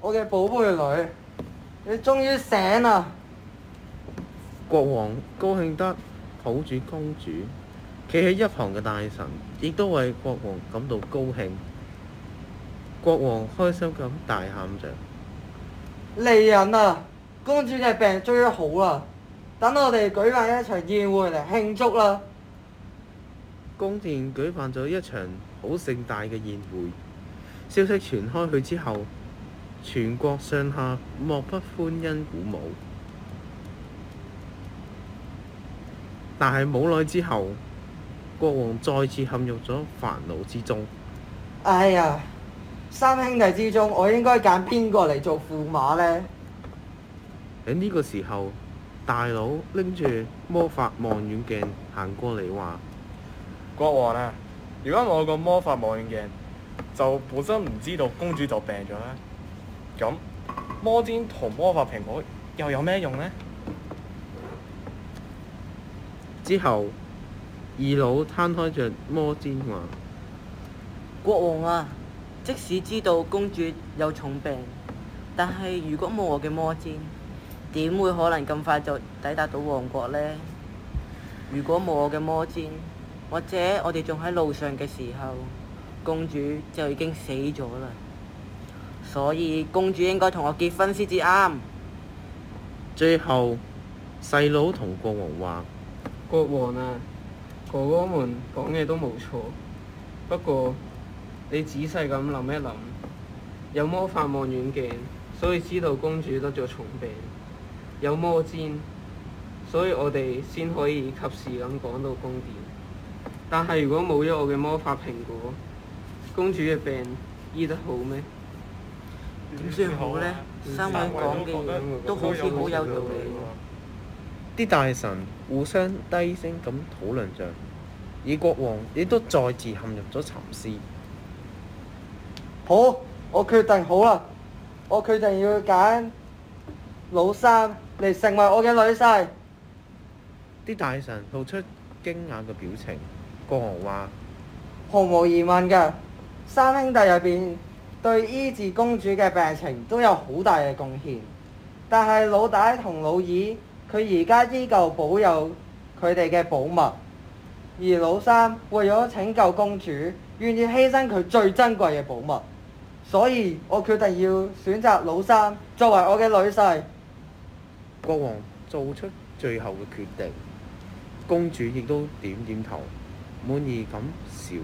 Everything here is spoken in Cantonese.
我嘅寶貝女，你終於醒啦！國王高興得抱住公主，企喺一旁嘅大臣亦都為國王感到高興。國王開心咁大喊着：來人啊，公主嘅病終於好啦！等我哋舉辦一場宴會嚟慶祝啦！宮殿舉辦咗一場好盛大嘅宴會，消息傳開去之後，全國上下莫不歡欣鼓舞，但係冇耐之後，國王再次陷入咗煩惱之中。哎呀，三兄弟之中，我應該揀邊個嚟做駙馬呢？喺呢個時候，大佬拎住魔法望遠鏡行過嚟，話：國王啊，如果我個魔法望遠鏡就本身唔知道公主就病咗咧。咁魔氈同魔法蘋果又有咩用呢？之後，二佬攤開着魔氈話：國王啊，即使知道公主有重病，但係如果冇我嘅魔氈，點會可能咁快就抵達到王國呢？如果冇我嘅魔氈，或者我哋仲喺路上嘅時候，公主就已經死咗啦。所以公主應該同我結婚先至啱。最後細佬同國王話：國王啊，哥哥們講嘅都冇錯，不過你仔細咁諗一諗，有魔法望遠鏡，所以知道公主得咗重病；有魔氈，所以我哋先可以及時咁趕到宮殿。但係如果冇咗我嘅魔法蘋果，公主嘅病醫得好咩？點算好呢？三位人講嘅都好似好有道理。啲大臣互相低聲咁討論着，而國王亦都再次陷入咗沉思。好，我決定好啦，我決定要揀老三嚟成為我嘅女婿。啲大臣露出驚訝嘅表情。國王話：毫無疑問㗎，三兄弟入邊，對醫治公主嘅病情都有好大嘅貢獻，但係老大同老二佢而家依舊保有佢哋嘅寶物，而老三為咗拯救公主，願意犧牲佢最珍貴嘅寶物，所以我決定要選擇老三作為我嘅女婿。國王做出最後嘅決定，公主亦都點點頭，滿意咁笑。